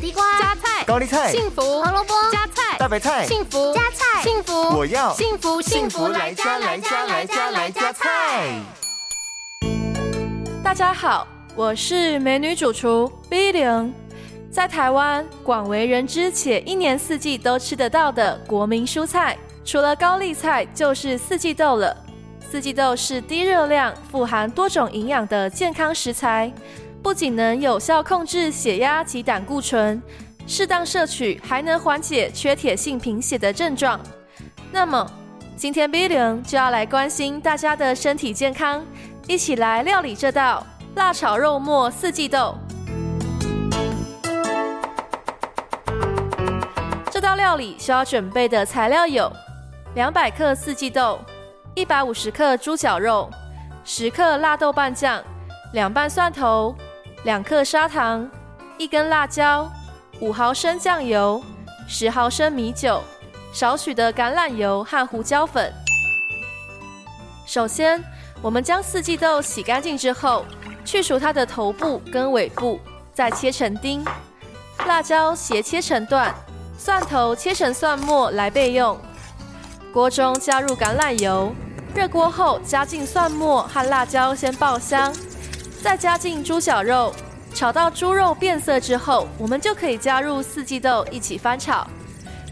地瓜、加菜、高麗菜、幸福、胡蘿蔔、加菜、大白菜、幸福、加菜、幸福，我要幸福幸福來加來加來加來加菜。大家好，我是美女主廚 Billion，在台灣廣為人知且一年四季都吃得到的國民蔬菜，除了高麗菜就是四季豆了。四季豆是低熱量、富含多種營養的健康食材。不僅能有效控制血壓及膽固醇，適當攝取還能緩解缺鐵性貧血的症狀。那麼，今天 Billion 就要來關心大家的身體健康，一起來料理這道辣炒肉末四季豆。這道料理需要準備的材料有：兩百克四季豆、一百五十克豬絞肉、十克辣豆瓣醬、兩瓣蒜頭。兩克砂糖，一根辣椒，五毫升醬油，十毫升米酒，少許的橄欖油和胡椒粉。首先，我們將四季豆洗乾淨之後，去除它的頭部跟尾部，再切成丁。辣椒斜切成段，蒜頭切成蒜末來備用。鍋中加入橄欖油，熱鍋後加進蒜末和辣椒，先爆香。再加進豬絞肉，炒到豬肉變色之後，我們就可以加入四季豆一起翻炒。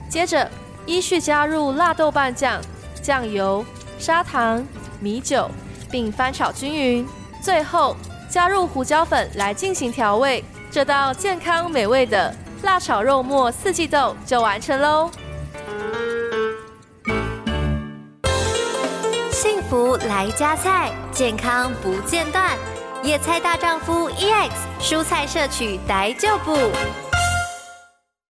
接着依序加入辣豆瓣醬、醬油、砂糖、米酒，並翻炒均匀。最後加入胡椒粉來進行調味。這道健康美味的辣炒肉末四季豆就完成嘍！幸福來加菜，健康不間斷。野菜大丈夫，EX，蔬菜攝取逮就補。